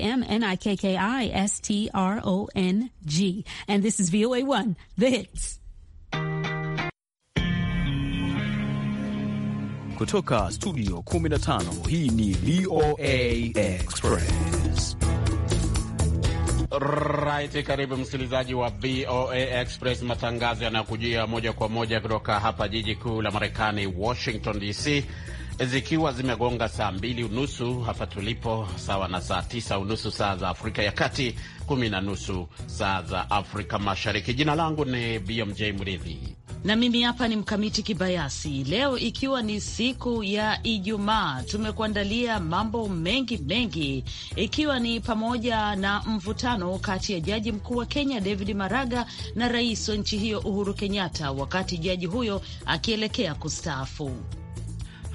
M N I K K I S T R O N G. And this is VOA 1, the hits. Kutoka studio 15, hii ni VOA Express. Right, karibu msikilizaji wa VOA Express, matangazo yanayokujia moja kwa moja kutoka hapa jiji kuu la Marekani, Washington DC zikiwa zimegonga saa mbili unusu hapa tulipo, sawa na saa tisa unusu saa za Afrika ya Kati, kumi na nusu saa za Afrika Mashariki. Jina langu ni BMJ Mridhi na mimi hapa ni Mkamiti Kibayasi. Leo ikiwa ni siku ya Ijumaa, tumekuandalia mambo mengi mengi, ikiwa ni pamoja na mvutano kati ya jaji mkuu wa Kenya David Maraga na rais wa nchi hiyo Uhuru Kenyatta, wakati jaji huyo akielekea kustaafu.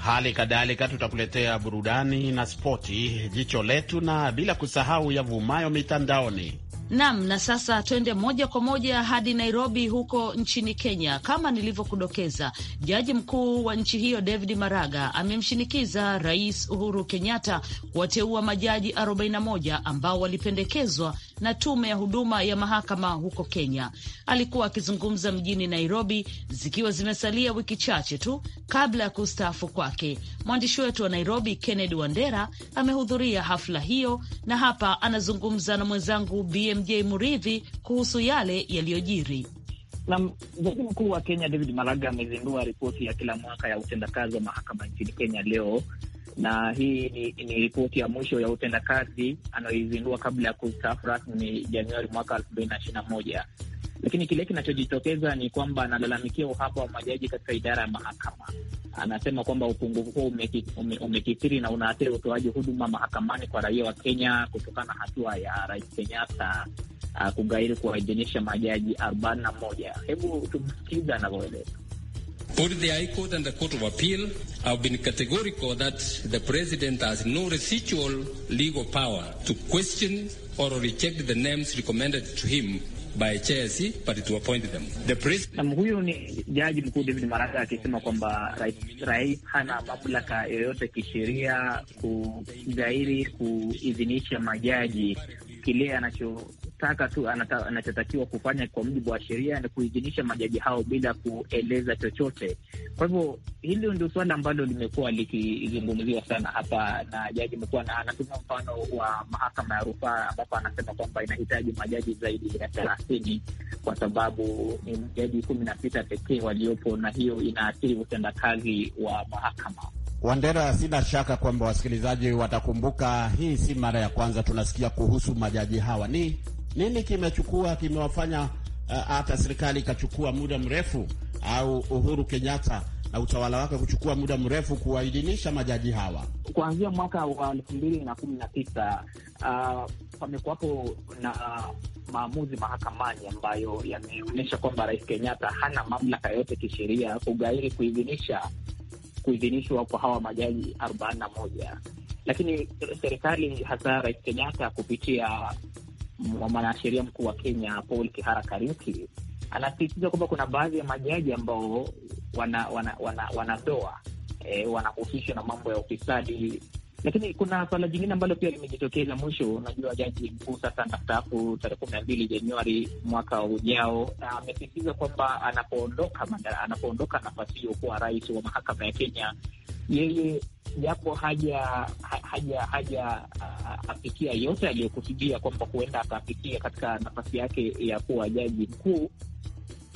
Hali kadhalika tutakuletea burudani na spoti, jicho letu, na bila kusahau yavumayo mitandaoni. Nam, na sasa twende moja kwa moja hadi Nairobi huko nchini Kenya. Kama nilivyokudokeza, jaji mkuu wa nchi hiyo David Maraga amemshinikiza Rais Uhuru Kenyatta kuwateua majaji 41 ambao walipendekezwa na tume ya huduma ya mahakama huko Kenya. Alikuwa akizungumza mjini Nairobi, zikiwa zimesalia wiki chache tu kabla ya kustaafu kwake. Mwandishi wetu wa Nairobi Kennedy Wandera amehudhuria hafla hiyo na hapa anazungumza na mwenzangu BM BMJ Muridhi kuhusu yale yaliyojiri. Nam, jaji mkuu wa Kenya David Maraga amezindua ripoti ya kila mwaka ya utendakazi wa mahakama nchini Kenya leo, na hii ni, ni ripoti ya mwisho ya utendakazi anayoizindua kabla ya kustaafu rasmi Januari mwaka elfu mbili na ishirini na moja. Lakini kile kinachojitokeza ni kwamba analalamikia uhaba wa majaji katika idara ya mahakama. Anasema kwamba upungufu huo umekithiri na unaathiri utoaji huduma mahakamani kwa raia wa Kenya kutokana na hatua ya Rais Kenyatta uh, kugairi kuwaidhinisha majaji arobaini na moja. Hebu tumsikiliza anavyoeleza. Both the High Court and the Court of Appeal have been categorical that the President has no residual legal power to question or reject the names recommended to him by Chelsea but to appoint them. The priest... Na huyu ni jaji mkuu David Maraga akisema kwamba rais, rais hana mamlaka yoyote kisheria kugairi kuidhinisha majaji kile anacho anachotaka tu anata, anachotakiwa kufanya kwa mujibu wa sheria ni kuidhinisha majaji hao bila kueleza chochote. Kwa hivyo hili ndio suala ambalo limekuwa likizungumziwa sana hapa, na jaji mkuu anatumia mfano wa mahakama ya rufaa ambapo anasema kwamba inahitaji majaji zaidi ya thelathini kwa sababu ni majaji kumi na sita pekee waliopo, na hiyo inaathiri utendakazi wa mahakama. Wandera, sina shaka kwamba wasikilizaji watakumbuka, hii si mara ya kwanza tunasikia kuhusu majaji hawa. Ni nini kimechukua kimewafanya eh, hata uh, serikali ikachukua muda mrefu au Uhuru Kenyatta na utawala wake kuchukua muda mrefu kuwaidhinisha majaji hawa. Kuanzia mwaka wa elfu mbili na kumi na tisa uh, pamekuwapo na maamuzi mahakamani ambayo yameonyesha kwamba Rais Kenyatta hana mamlaka yote kisheria kugairi kuidhinisha kuidhinishwa kwa hawa majaji arobaini na moja, lakini serikali hasa Rais Kenyatta kupitia mwanasheria mkuu wa Kenya Paul Kihara Kariuki anasisitiza kwamba kuna baadhi ya majaji ambao wana wana wana wanadoa e, eh, wanahusishwa na mambo ya ufisadi. Lakini kuna swala jingine ambalo pia limejitokeza mwisho. Unajua, jaji mkuu sasa anastaafu tarehe kumi na mbili Januari mwaka ujao, na amesisitiza kwamba anapoondoka anapoondoka nafasi hiyo kuwa rais wa mahakama ya Kenya, yeye japo haja haja haja uh, afikia yote aliyokusudia kwamba huenda akaafikia katika nafasi yake ya kuwa jaji mkuu,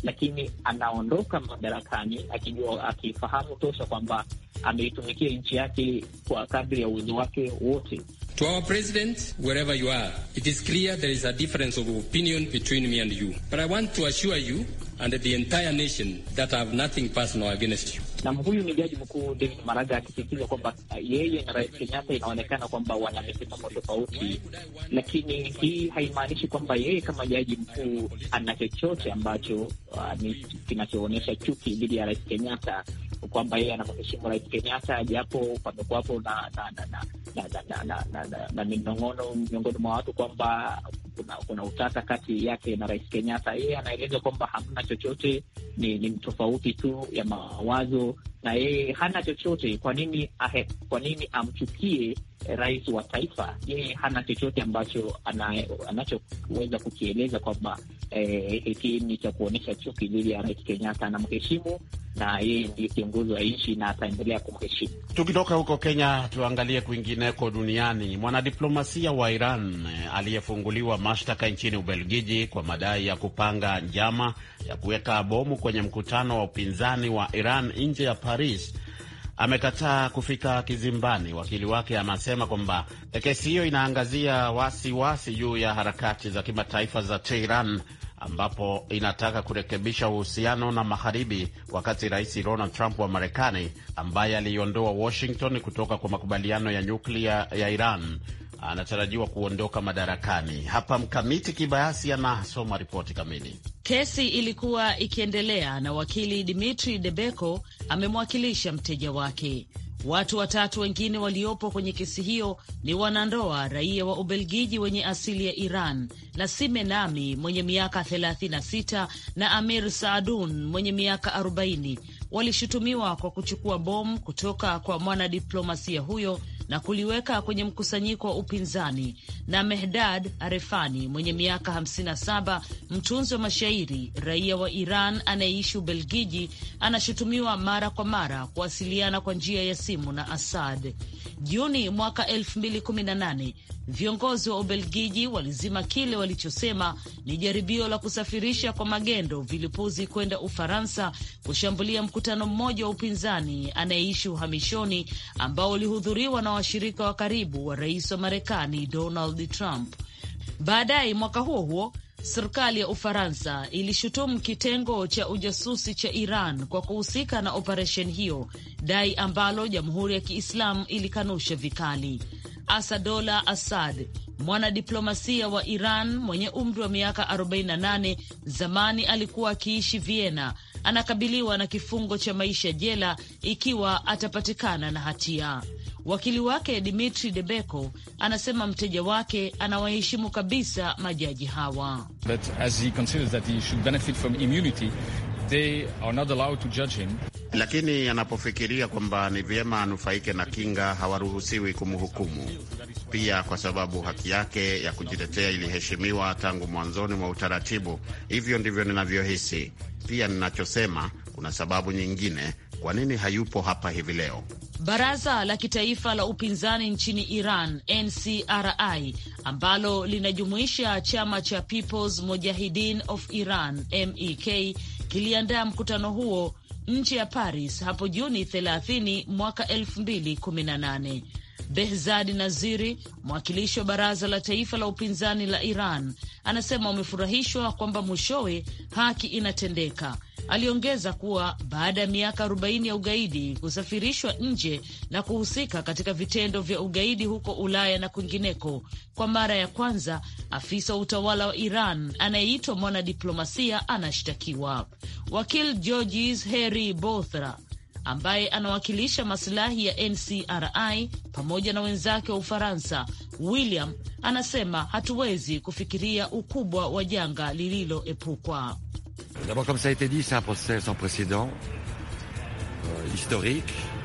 lakini anaondoka madarakani akijua, akifahamu tosha kwamba ameitumikia nchi yake kwa kadri ya uwezo wake wote. To our president, wherever you are, it is clear there is a difference of opinion between me and you. But I want to assure you and the entire nation that I have nothing personal against you na huyu ni jaji mkuu David Maraga akisisitiza kwamba yeye na Rais Kenyatta inaonekana kwamba wana misimamo tofauti, lakini hii haimaanishi kwamba yeye kama jaji mkuu ana chochote ambacho uh, kinachoonyesha chuki dhidi ya Rais Kenyatta kwamba yeye anamheshimu Rais Kenyatta japo pamekuwapo na na na na na na na na na na miongoni mwa watu kwamba kuna, kuna utata kati yake na Rais Kenyatta. Yeye anaeleza kwamba hamna chochote, ni, ni mtofauti tu ya mawazo na yeye hana chochote. Kwa nini ahe, kwa nini amchukie eh, rais wa taifa? Yeye hana chochote ambacho anachoweza kukieleza kwamba eh, ni cha kuonyesha chuki dhidi ya rais Kenyatta. Anamheshimu na yeye ndiye kiongozi wa nchi na ataendelea kumheshimu. Tukitoka huko Kenya, tuangalie kwingineko duniani. Mwanadiplomasia wa Iran eh, aliyefunguliwa mashtaka nchini Ubelgiji kwa madai ya kupanga njama ya kuweka bomu kwenye mkutano wa upinzani wa Iran nje ya Paris amekataa kufika kizimbani. Wakili wake anasema kwamba kesi hiyo inaangazia wasiwasi juu ya harakati za kimataifa za Teheran ambapo inataka kurekebisha uhusiano na magharibi, wakati Rais Donald Trump wa Marekani, ambaye aliondoa Washington kutoka kwa makubaliano ya nyuklia ya Iran, anatarajiwa kuondoka madarakani. Hapa Mkamiti Kibayasi anasoma ripoti kamili. Kesi ilikuwa ikiendelea na wakili Dimitri Debeko amemwakilisha mteja wake. Watu watatu wengine waliopo kwenye kesi hiyo ni wanandoa raia wa Ubelgiji wenye asili ya Iran, na Nami mwenye miaka 36 na Amir Saadun mwenye miaka 40. Walishutumiwa kwa kuchukua bomu kutoka kwa mwanadiplomasia huyo na kuliweka kwenye mkusanyiko wa upinzani, na Mehdad Arefani mwenye miaka 57, mtunzi wa mashairi, raia wa Iran anayeishi Ubelgiji, anashutumiwa mara kwa mara kuwasiliana kwa njia ya simu na Assad. Juni mwaka 2018 viongozi wa Ubelgiji walizima kile walichosema ni jaribio la kusafirisha kwa magendo vilipuzi kwenda Ufaransa kushambulia mkutano mmoja wa upinzani anayeishi uhamishoni ambao ulihudhuriwa na washirika wa karibu wa rais wa Marekani Donald Trump. Baadaye mwaka huo huo serikali ya Ufaransa ilishutumu kitengo cha ujasusi cha Iran kwa kuhusika na operesheni hiyo, dai ambalo jamhuri ya Kiislamu ilikanusha vikali. Asadola Assad, mwanadiplomasia wa Iran mwenye umri wa miaka 48, zamani alikuwa akiishi Vienna, anakabiliwa na kifungo cha maisha jela ikiwa atapatikana na hatia. Wakili wake Dimitri Debeko anasema mteja wake anawaheshimu kabisa majaji hawa. But as he considers that he should benefit from immunity, they are not allowed to judge him. Lakini anapofikiria kwamba ni vyema anufaike na kinga, hawaruhusiwi kumhukumu. Pia kwa sababu haki yake ya kujitetea iliheshimiwa tangu mwanzoni mwa utaratibu. Hivyo ndivyo ninavyohisi. Pia ninachosema, kuna sababu nyingine kwa nini hayupo hapa hivi leo? Baraza la kitaifa la upinzani nchini Iran, NCRI, ambalo linajumuisha chama cha Peoples Mujahidin of Iran, MEK, kiliandaa mkutano huo nje ya Paris hapo Juni 30 mwaka 2018. Behzadi Naziri, mwakilishi wa baraza la taifa la upinzani la Iran, anasema wamefurahishwa kwamba mwishowe haki inatendeka. Aliongeza kuwa baada ya miaka 40 ya ugaidi kusafirishwa nje na kuhusika katika vitendo vya ugaidi huko Ulaya na kwingineko, kwa mara ya kwanza afisa wa utawala wa Iran anayeitwa mwanadiplomasia anashtakiwa. Wakil Georges hery Bothra ambaye anawakilisha masilahi ya NCRI pamoja na wenzake wa Ufaransa, William anasema hatuwezi kufikiria ukubwa wa janga lililoepukwa. Euh,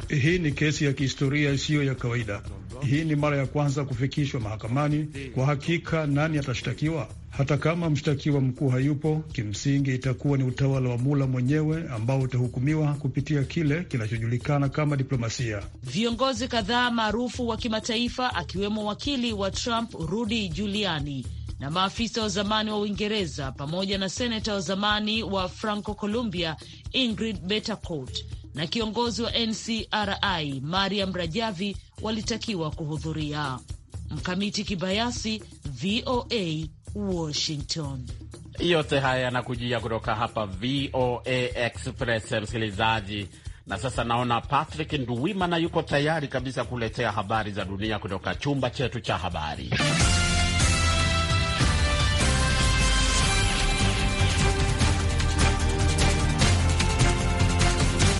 Hii ni kesi ya kihistoria isiyo ya kawaida. Hii ni mara ya kwanza kufikishwa mahakamani. Kwa hakika, nani atashtakiwa? Hata kama mshtakiwa mkuu hayupo, kimsingi itakuwa ni utawala wa Mula mwenyewe ambao utahukumiwa kupitia kile kinachojulikana kama diplomasia. Viongozi kadhaa maarufu wa kimataifa akiwemo wakili wa Trump Rudy Giuliani na maafisa wa zamani wa Uingereza pamoja na seneta wa zamani wa Franco Colombia Ingrid Betancourt na kiongozi wa NCRI Mariam Rajavi walitakiwa kuhudhuria. Mkamiti Kibayasi, VOA Washington. Yote haya yanakujia kutoka hapa VOA Express, msikilizaji. Na sasa naona Patrick Nduwimana yuko tayari kabisa kuletea habari za dunia kutoka chumba chetu cha habari.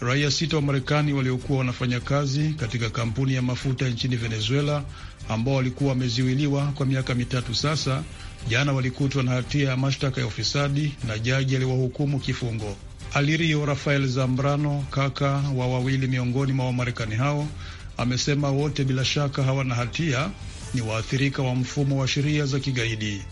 Raia sita wa Marekani waliokuwa wanafanya kazi katika kampuni ya mafuta nchini Venezuela ambao walikuwa wameziwiliwa kwa miaka mitatu sasa Jana walikutwa na hatia ya mashtaka ya ufisadi na jaji aliwahukumu kifungo. Alirio Rafael Zambrano, kaka wa wawili miongoni mwa Wamarekani hao, amesema wote bila shaka hawana hatia, ni waathirika wa mfumo wa sheria za kigaidi.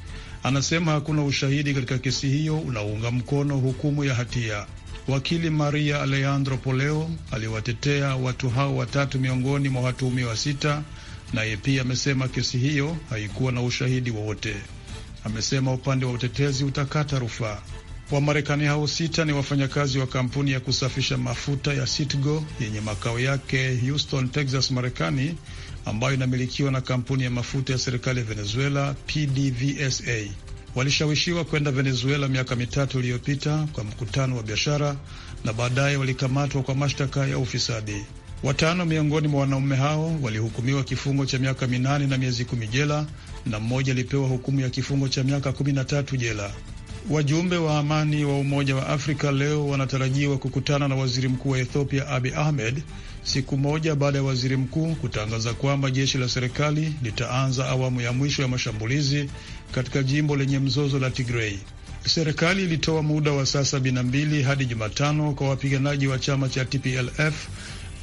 Anasema hakuna ushahidi katika kesi hiyo unaounga mkono hukumu ya hatia. Wakili Maria Alejandro Poleo aliwatetea watu hao watatu miongoni mwa watuhumiwa sita, naye pia amesema kesi hiyo haikuwa na ushahidi wowote amesema upande wa utetezi utakata rufaa. Wamarekani hao sita ni wafanyakazi wa kampuni ya kusafisha mafuta ya Citgo yenye makao yake Houston, Texas, Marekani, ambayo inamilikiwa na kampuni ya mafuta ya serikali ya Venezuela, PDVSA. Walishawishiwa kwenda Venezuela miaka mitatu iliyopita kwa mkutano wa biashara na baadaye walikamatwa kwa mashtaka ya ufisadi. Watano miongoni mwa wanaume hao walihukumiwa kifungo cha miaka minane na miezi kumi jela na mmoja alipewa hukumu ya kifungo cha miaka kumi na tatu jela. Wajumbe wa amani wa Umoja wa Afrika leo wanatarajiwa kukutana na waziri mkuu wa Ethiopia Abi Ahmed siku moja baada ya waziri mkuu kutangaza kwamba jeshi la serikali litaanza awamu ya mwisho ya mashambulizi katika jimbo lenye mzozo la Tigrei. Serikali ilitoa muda wa saa sabini na mbili hadi Jumatano kwa wapiganaji wa chama cha TPLF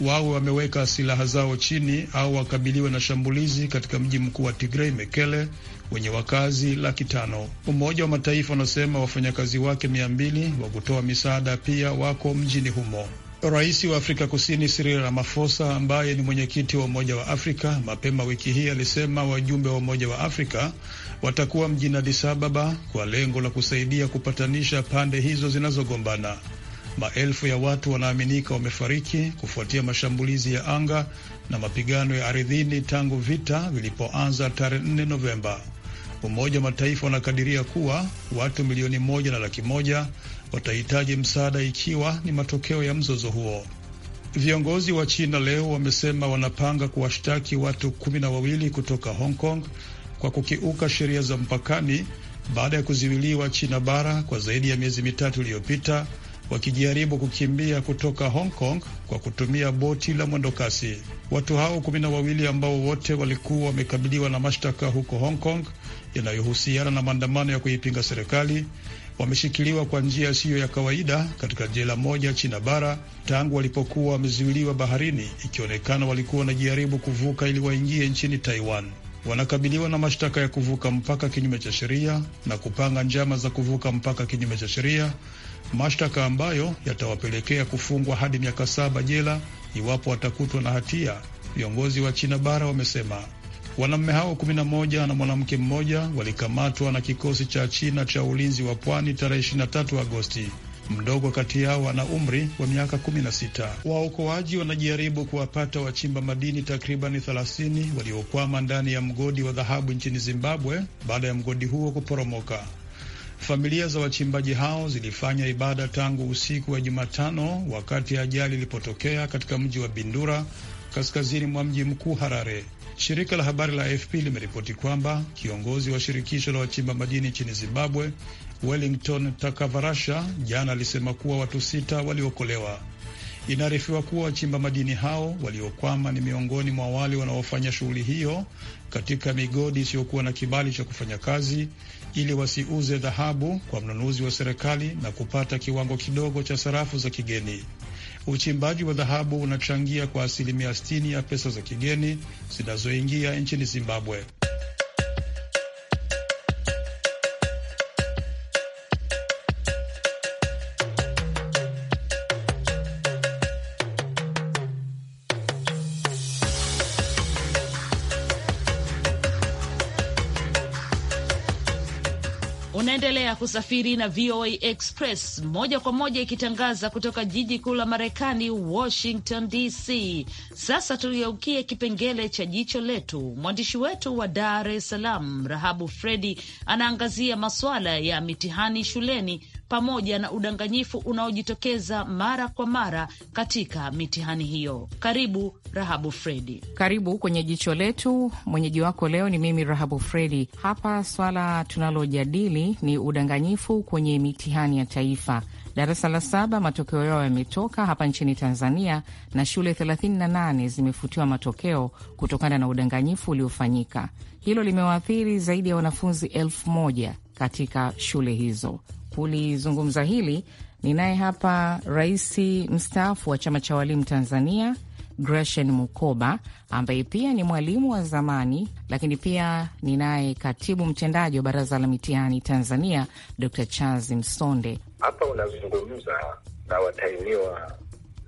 wawe wameweka silaha zao chini au wakabiliwe na shambulizi katika mji mkuu wa Tigrei, Mekele, wenye wakazi laki tano. Umoja wa Mataifa unasema wafanyakazi wake mia mbili wa kutoa misaada pia wako mjini humo. Rais wa Afrika Kusini Cyril Ramaphosa, ambaye ni mwenyekiti wa Umoja wa Afrika, mapema wiki hii alisema wajumbe wa Umoja wa Afrika watakuwa mjini Addis Ababa kwa lengo la kusaidia kupatanisha pande hizo zinazogombana. Maelfu ya watu wanaaminika wamefariki kufuatia mashambulizi ya anga na mapigano ya ardhini tangu vita vilipoanza tarehe 4 Novemba. Umoja wa Mataifa wanakadiria kuwa watu milioni moja na laki moja watahitaji msaada ikiwa ni matokeo ya mzozo huo. Viongozi wa China leo wamesema wanapanga kuwashtaki watu kumi na wawili kutoka Hong Kong kwa kukiuka sheria za mpakani baada ya kuziwiliwa China bara kwa zaidi ya miezi mitatu iliyopita wakijaribu kukimbia kutoka Hong Kong kwa kutumia boti la mwendokasi. Watu hao kumi na wawili ambao wote walikuwa wamekabiliwa na mashtaka huko Hong Kong yanayohusiana na maandamano ya kuipinga serikali wameshikiliwa kwa njia isiyo ya kawaida katika jela moja China bara tangu walipokuwa wamezuiliwa baharini, ikionekana walikuwa wanajaribu kuvuka ili waingie nchini Taiwan. Wanakabiliwa na mashtaka ya kuvuka mpaka kinyume cha sheria na kupanga njama za kuvuka mpaka kinyume cha sheria mashtaka ambayo yatawapelekea kufungwa hadi miaka saba jela iwapo watakutwa na hatia. Viongozi wa China bara wamesema wanaume hao 11 na mwanamke mmoja walikamatwa na kikosi cha China cha ulinzi wa pwani tarehe 23 Agosti. Mdogo kati yao ana umri wa miaka 16. Waokoaji wanajaribu kuwapata wachimba madini takribani 30 waliokwama ndani ya mgodi wa dhahabu nchini Zimbabwe baada ya mgodi huo kuporomoka. Familia za wachimbaji hao zilifanya ibada tangu usiku wa Jumatano wakati ajali ilipotokea katika mji wa Bindura kaskazini mwa mji mkuu Harare. Shirika la habari la AFP limeripoti kwamba kiongozi wa shirikisho la wachimba madini nchini Zimbabwe, Wellington Takavarasha, jana alisema kuwa watu sita waliokolewa. Inaarifiwa kuwa wachimba madini hao waliokwama ni miongoni mwa wale wanaofanya shughuli hiyo katika migodi isiyokuwa na kibali cha kufanya kazi ili wasiuze dhahabu kwa mnunuzi wa serikali na kupata kiwango kidogo cha sarafu za kigeni. Uchimbaji wa dhahabu unachangia kwa asilimia 60 ya pesa za kigeni zinazoingia nchini Zimbabwe. kusafiri na VOA Express moja kwa moja ikitangaza kutoka jiji kuu la Marekani, Washington DC. Sasa tugeukie kipengele cha jicho letu. Mwandishi wetu wa Dar es Salaam, Rahabu Fredi, anaangazia masuala ya mitihani shuleni pamoja na udanganyifu unaojitokeza mara kwa mara katika mitihani hiyo. Karibu Rahabu Fredi. Karibu kwenye jicho letu. Mwenyeji wako leo ni mimi Rahabu Fredi. Hapa swala tunalojadili ni udanganyifu kwenye mitihani ya taifa darasa la saba. Matokeo yao yametoka hapa nchini Tanzania na shule 38 zimefutiwa matokeo kutokana na udanganyifu uliofanyika. Hilo limewaathiri zaidi ya wanafunzi elfu moja katika shule hizo kulizungumza hili ninaye hapa rais mstaafu wa chama cha walimu Tanzania Gretchen Mukoba ambaye pia ni mwalimu wa zamani, lakini pia ninaye katibu mtendaji wa baraza la mitihani Tanzania Dr Charles Msonde. Hapa unazungumza na watainiwa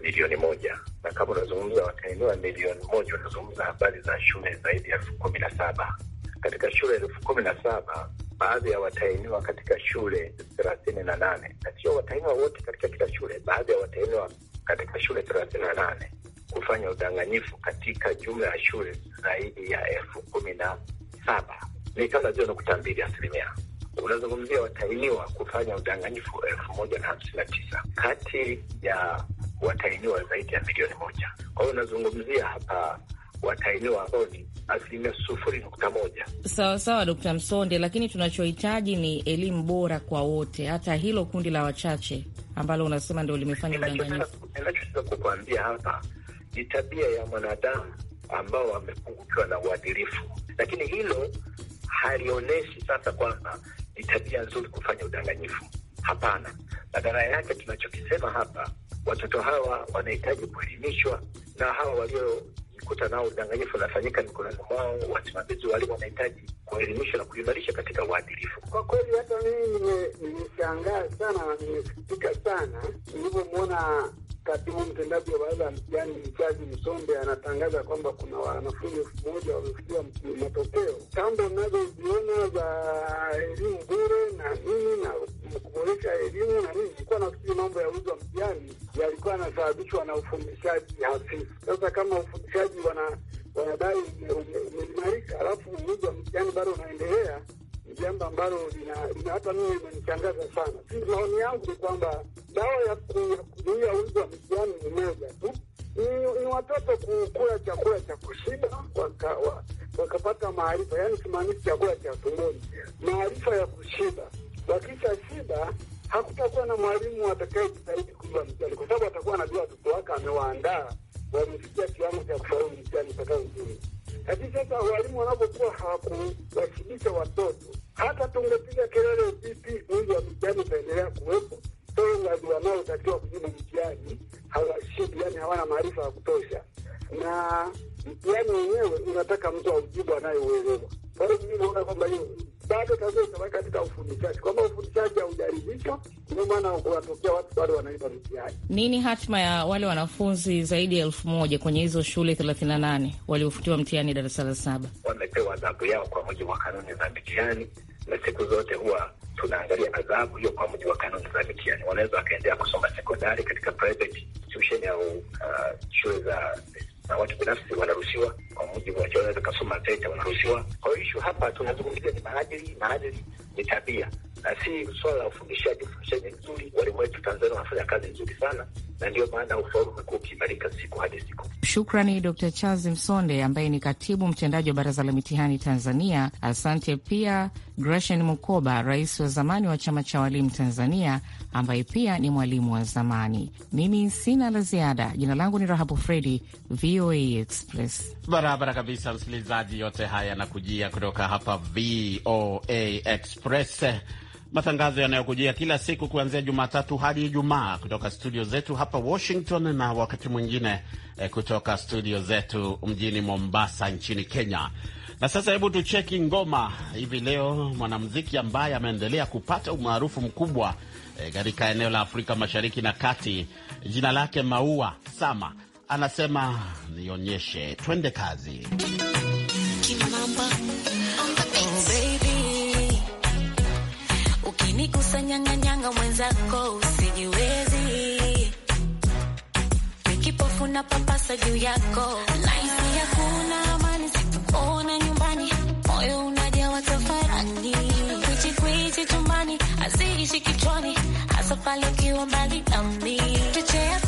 milioni moja na kama unazungumza watainiwa milioni moja, unazungumza habari za shule zaidi ya elfu kumi na saba katika shule elfu kumi na saba baadhi ya watahiniwa katika shule thelathini na nane na sio watahiniwa wote katika kila shule, baadhi ya watahiniwa katika shule thelathini na nane kufanya udanganyifu katika jumla ya shule zaidi ya elfu kumi na saba ni kama zio nukta mbili asilimia. Unazungumzia watahiniwa kufanya udanganyifu elfu moja na hamsini na tisa kati ya watahiniwa zaidi ya milioni moja. Kwa hiyo unazungumzia hapa wataelewa ambao ni asilimia sufuri nukta moja. Sawa sawa, Dokta Msonde, lakini tunachohitaji ni elimu bora kwa wote, hata hilo kundi la wachache ambalo unasema ndio limefanya udanganyifu. Ninachotaka kukuambia hapa ni tabia ya mwanadamu ambao wamepungukiwa na uadilifu, lakini hilo halionyeshi sasa kwamba ni tabia nzuri kufanya udanganyifu. Hapana, badala yake tunachokisema hapa, watoto hawa wanahitaji kuelimishwa na hawa walio wanajikuta nao udanganyifu unafanyika mikononi mwao. Wasimamizi walimu wanahitaji kuelimisha na kuimarisha katika uadilifu. Kwa kweli, hata mimi nimeshangaa sana na nimesikitika sana nilivyomwona katibu mtendaji wa baraza yani mchaji Msombe anatangaza kwamba kuna wanafunzi elfu moja wamefikiwa matokeo. Kando nazoziona za elimu bure na nini na kuboresha elimu na nini, ilikuwa nafikiri mambo ya uzi wa mtihani yalikuwa yanasababishwa na ufundishaji hafifu. Sasa kama ufundishaji wana wanadai umeimarika, alafu uzi wa mtihani bado unaendelea jambo ambalo hata mimi limenishangaza sana. Maoni yangu ni kwamba dawa ya kuzuia wizi wa misiani ni moja tu, ni watoto kukula chakula cha kushiba wakapata maarifa, yaani simaanishi chakula cha tumboni, maarifa ya kushiba. Wakisha shiba hakutakuwa na mwalimu atakayejitahidi kuiba mtihani, kwa sababu atakuwa anajua watoto wake amewaandaa wamefikia kiwango cha kufaulu mtihani utakaozuia lakini sasa walimu wanapokuwa hawakuwashibisha watoto, hata tungepiga kelele vipi, mwingi wa mtihani utaendelea kuwepo. Tongaji wanaotakiwa kujibu mtihani hawashidi, yani hawana maarifa ya kutosha na mtihani wenyewe unataka mtu aujibu anayeuelewa. Kwa hiyo mimi naona kwamba hiyo bado katika ufundishaji, kwamba ufundishaji ndio maana wanatokea watu bado wanaiba mtihani. Nini hatma ya wale wanafunzi zaidi ya elfu moja kwenye hizo shule thelathini na nane waliofutiwa mtihani darasa la saba? Wamepewa adhabu yao kwa mujibu wa kanuni za mitiani na siku zote huwa tunaangalia adhabu hiyo kwa mujibu wa kanuni za mitiani Wanaweza wakaendelea kusoma sekondari katika private tuition au uh, shule za na watu binafsi wanaruhusiwa kwa mujibu wa wanaweza kasoma VETA, wanaruhusiwa. Kwa hiyo ishu hapa tunazungumzia ni maadili, maadili ni tabia na si swala la ufundishaji. Ufundishaji nzuri walimu wetu Tanzania wanafanya kazi nzuri sana na ndiyo maana ufaulu umekuwa ukiimarika siku hadi siku. Shukrani Dr. Charles Msonde ambaye ni katibu mtendaji wa Baraza la Mitihani Tanzania. Asante pia Gretchen Mukoba, rais wa zamani wa Chama cha Walimu Tanzania ambaye pia ni mwalimu wa zamani. Mimi sina la ziada. Jina langu ni Rahabu Fredi, VOA Express. Barabara kabisa, msikilizaji, yote haya yanakujia kutoka hapa VOA Express matangazo yanayokujia kila siku kuanzia Jumatatu hadi Ijumaa kutoka studio zetu hapa Washington, na wakati mwingine eh, kutoka studio zetu mjini Mombasa nchini Kenya. Na sasa hebu tucheki ngoma hivi leo. Mwanamuziki ambaye ameendelea kupata umaarufu mkubwa eh, katika eh, eneo la Afrika Mashariki na Kati, jina lake Maua Sama anasema nionyeshe, twende kazi. nikusanyanganyanga mwenzako usijiwezi, nikipofuna papasa juu yako laisi, hakuna amani sikuona nyumbani, moyo unajawa tafarani, kwichi kwichi chumbani, haziishi kichwani, hasa pale ukiwa mbali nami, chochea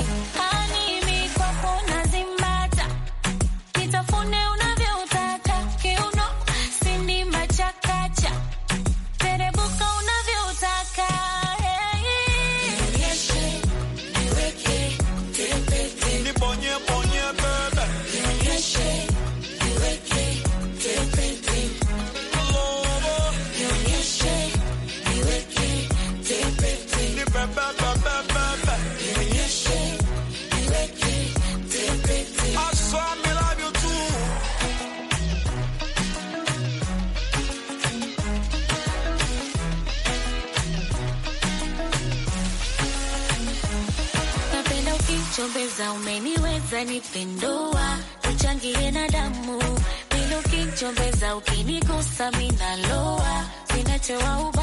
you. ukinigusa minaloa sinachowa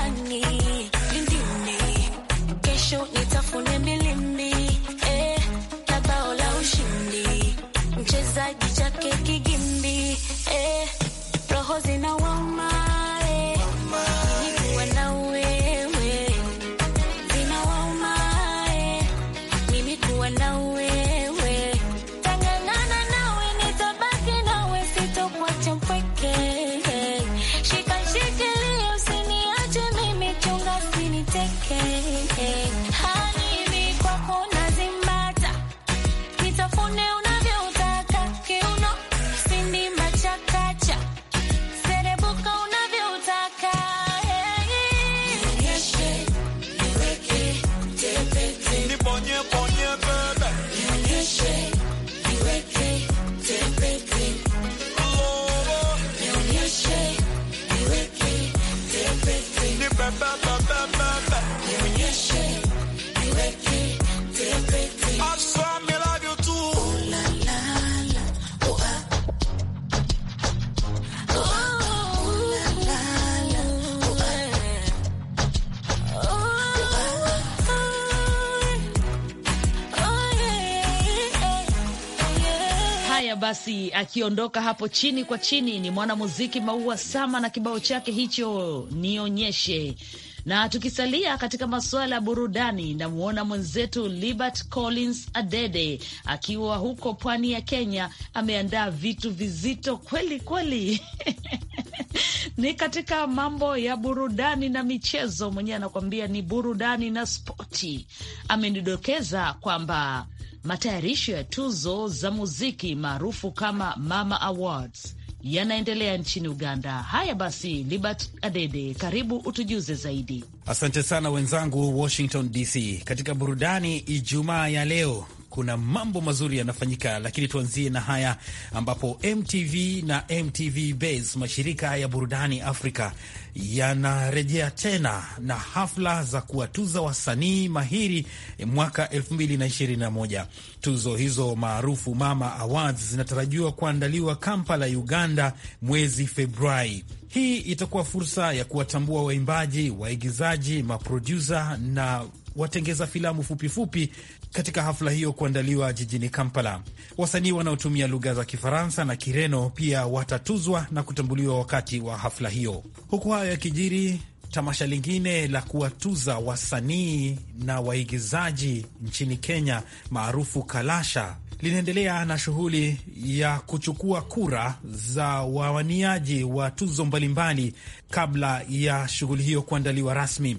basi akiondoka hapo chini kwa chini ni mwanamuziki Maua Sama na kibao chake hicho nionyeshe. Na tukisalia katika masuala ya burudani, namwona mwenzetu Libert Collins Adede akiwa huko pwani ya Kenya, ameandaa vitu vizito kweli kweli. Ni katika mambo ya burudani na michezo, mwenyewe anakuambia ni burudani na spoti. Amenidokeza kwamba Matayarisho ya tuzo za muziki maarufu kama Mama Awards yanaendelea nchini Uganda. Haya basi, Libert Adede, karibu utujuze zaidi. Asante sana wenzangu Washington DC. Katika burudani Ijumaa ya leo kuna mambo mazuri yanafanyika, lakini tuanzie na haya ambapo MTV na MTV Base, mashirika ya burudani Afrika, yanarejea tena na hafla za kuwatuza wasanii mahiri mwaka 2021. Tuzo hizo maarufu Mama Awards zinatarajiwa kuandaliwa Kampala, Uganda mwezi Februari. Hii itakuwa fursa ya kuwatambua waimbaji, waigizaji, maprodusa na watengeza filamu fupifupi katika hafla hiyo kuandaliwa jijini Kampala. Wasanii wanaotumia lugha za Kifaransa na Kireno pia watatuzwa na kutambuliwa wakati wa hafla hiyo. Huku hayo yakijiri, tamasha lingine la kuwatuza wasanii na waigizaji nchini Kenya maarufu Kalasha linaendelea na shughuli ya kuchukua kura za wawaniaji wa tuzo mbalimbali kabla ya shughuli hiyo kuandaliwa rasmi.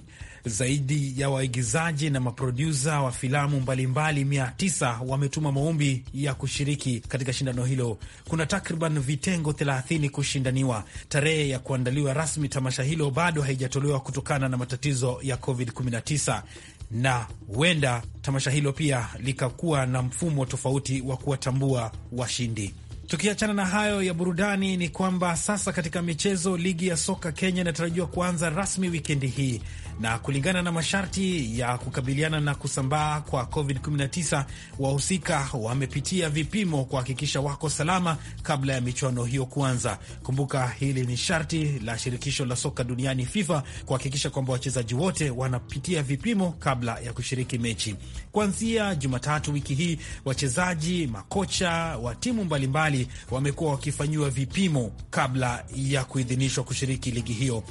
Zaidi ya waigizaji na maprodusa wa filamu mbalimbali mia tisa wametuma maombi ya kushiriki katika shindano hilo. Kuna takriban vitengo 30 kushindaniwa. Tarehe ya kuandaliwa rasmi tamasha hilo bado haijatolewa kutokana na matatizo ya COVID-19 na huenda tamasha hilo pia likakuwa na mfumo tofauti wa kuwatambua washindi. Tukiachana na hayo ya burudani, ni kwamba sasa katika michezo, ligi ya soka Kenya inatarajiwa kuanza rasmi wikendi hii, na kulingana na masharti ya kukabiliana na kusambaa kwa COVID-19, wahusika wamepitia vipimo kuhakikisha wako salama kabla ya michuano hiyo kuanza. Kumbuka hili ni sharti la shirikisho la soka duniani FIFA kuhakikisha kwamba wachezaji wote wanapitia vipimo kabla ya kushiriki mechi. Kuanzia Jumatatu wiki hii, wachezaji, makocha wa timu mbalimbali mbalimbali wamekuwa wakifanyiwa vipimo kabla ya kuidhinishwa kushiriki ligi hiyo.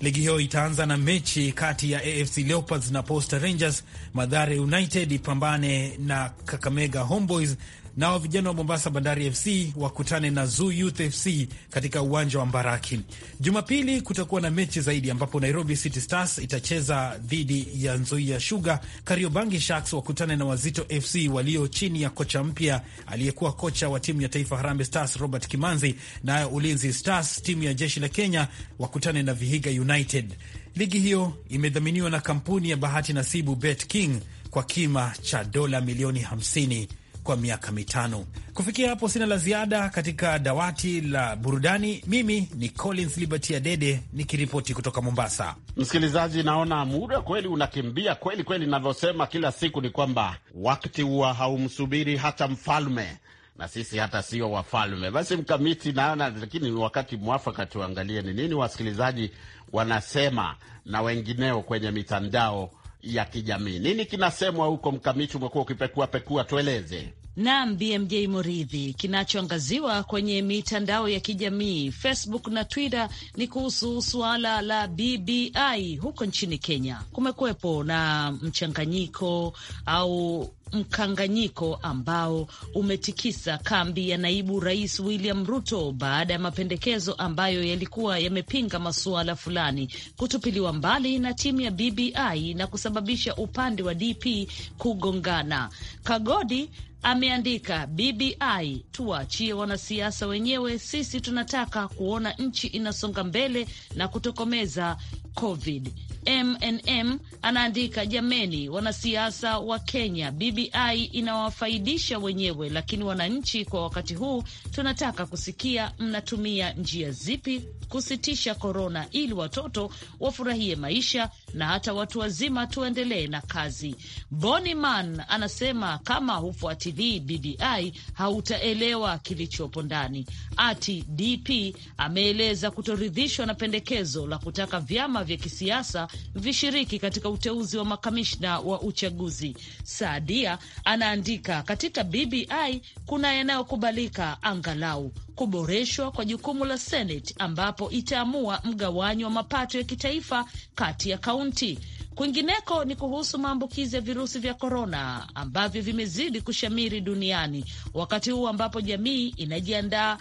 Ligi hiyo itaanza na mechi kati ya AFC Leopards na Posta Rangers. Madhare United ipambane na Kakamega Homeboys Nao vijana wa Mombasa Bandari FC wakutane na Zoo Youth FC katika uwanja wa Mbaraki. Jumapili kutakuwa na mechi zaidi ambapo Nairobi City Stars itacheza dhidi ya Nzoia Sugar, Kariobangi Sharks wakutane na Wazito FC walio chini ya kocha mpya aliyekuwa kocha wa timu ya taifa Harambee Stars Robert Kimanzi, nayo Ulinzi Stars timu ya jeshi la Kenya wakutane na Vihiga United. Ligi hiyo imedhaminiwa na kampuni ya bahati nasibu Bet King kwa kima cha dola milioni 50 kwa miaka mitano. Kufikia hapo sina la ziada katika dawati la burudani. Mimi ni Collins Liberty Adede nikiripoti kutoka Mombasa. Msikilizaji, naona muda kweli unakimbia kweli kweli. Navyosema kila siku ni kwamba wakati huwa haumsubiri hata mfalme na sisi hata sio wafalme. Basi Mkamiti, naona lakini ni wakati mwafaka tuangalie ni nini wasikilizaji wanasema na wengineo kwenye mitandao ya kijamii. Nini kinasemwa huko, Mkamiti? Umekuwa ukipekua pekua, tueleze. Naam, BMJ Muridhi, kinachoangaziwa kwenye mitandao ya kijamii Facebook na Twitter ni kuhusu suala la BBI huko nchini Kenya. Kumekuwepo na mchanganyiko au mkanganyiko ambao umetikisa kambi ya naibu rais William Ruto baada ya mapendekezo ambayo yalikuwa yamepinga masuala fulani kutupiliwa mbali na timu ya BBI na kusababisha upande wa DP kugongana. Kagodi ameandika BBI, tuwaachie wanasiasa wenyewe. Sisi tunataka kuona nchi inasonga mbele na kutokomeza COVID. MNM anaandika, jameni, wanasiasa wa Kenya, BBI inawafaidisha wenyewe, lakini wananchi kwa wakati huu tunataka kusikia mnatumia njia zipi kusitisha korona ili watoto wafurahie maisha na hata watu wazima tuendelee na kazi. Boniman anasema kama hufuatilii BBI hautaelewa kilichopo ndani. Ati DP ameeleza kutoridhishwa na pendekezo la kutaka vyama vya kisiasa vishiriki katika uteuzi wa makamishna wa uchaguzi. Saadia anaandika katika BBI kuna yanayokubalika, angalau kuboreshwa kwa jukumu la senet ambapo itaamua mgawanyo wa mapato ya kitaifa kati ya kaunti. Kwingineko ni kuhusu maambukizi ya virusi vya korona ambavyo vimezidi kushamiri duniani wakati huu ambapo jamii inajiandaa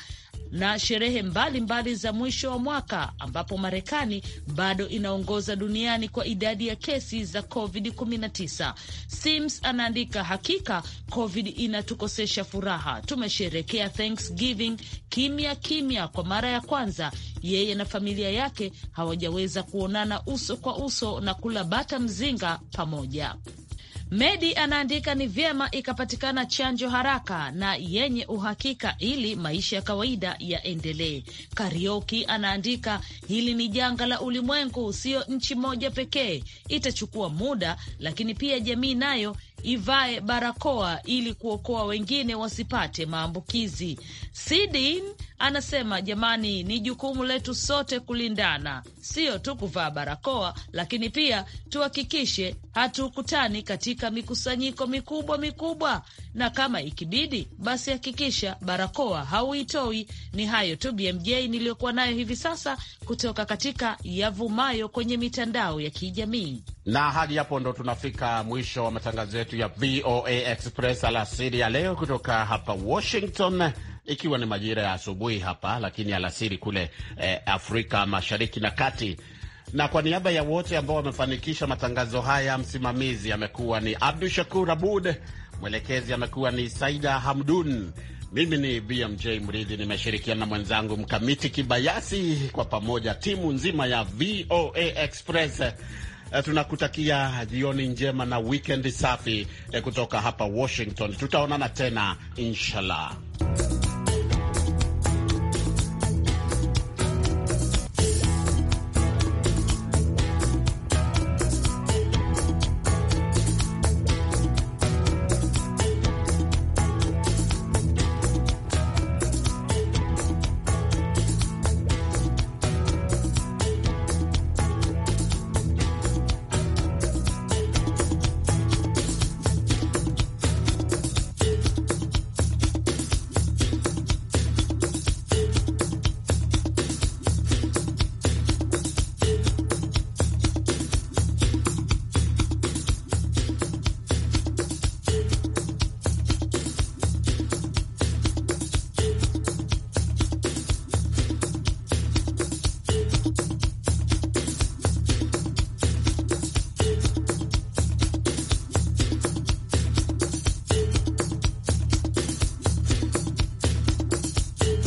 na sherehe mbalimbali mbali za mwisho wa mwaka ambapo Marekani bado inaongoza duniani kwa idadi ya kesi za COVID-19. Sims anaandika, hakika COVID inatukosesha furaha. Tumesherekea Thanksgiving kimya kimya kwa mara ya kwanza. Yeye na familia yake hawajaweza kuonana uso kwa uso na kula bata mzinga pamoja. Medi anaandika ni vyema ikapatikana chanjo haraka na yenye uhakika ili maisha ya kawaida yaendelee. Karioki anaandika hili ni janga la ulimwengu, siyo nchi moja pekee. Itachukua muda, lakini pia jamii nayo ivae barakoa ili kuokoa wengine wasipate maambukizi. Sidin anasema jamani, ni jukumu letu sote kulindana, sio tu kuvaa barakoa, lakini pia tuhakikishe hatukutani katika mikusanyiko mikubwa mikubwa, na kama ikibidi, basi hakikisha barakoa hauitoi. Ni hayo tu BMJ niliyokuwa nayo hivi sasa kutoka katika yavumayo kwenye mitandao ya kijamii na hadi hapo ndo tunafika mwisho wa matangazo yetu ya VOA Express alasiri ya leo kutoka hapa Washington, ikiwa ni majira ya asubuhi hapa, lakini alasiri kule eh, Afrika Mashariki na Kati. Na kwa niaba ya wote ambao wamefanikisha matangazo haya, msimamizi amekuwa ni Abdu Shakur Abud, mwelekezi amekuwa ni Saida Hamdun. Mimi ni BMJ Mridhi, nimeshirikiana na mwenzangu Mkamiti Kibayasi. Kwa pamoja timu nzima ya VOA Express Eh, tunakutakia jioni njema na wikendi safi eh, kutoka hapa Washington. Tutaonana tena inshallah.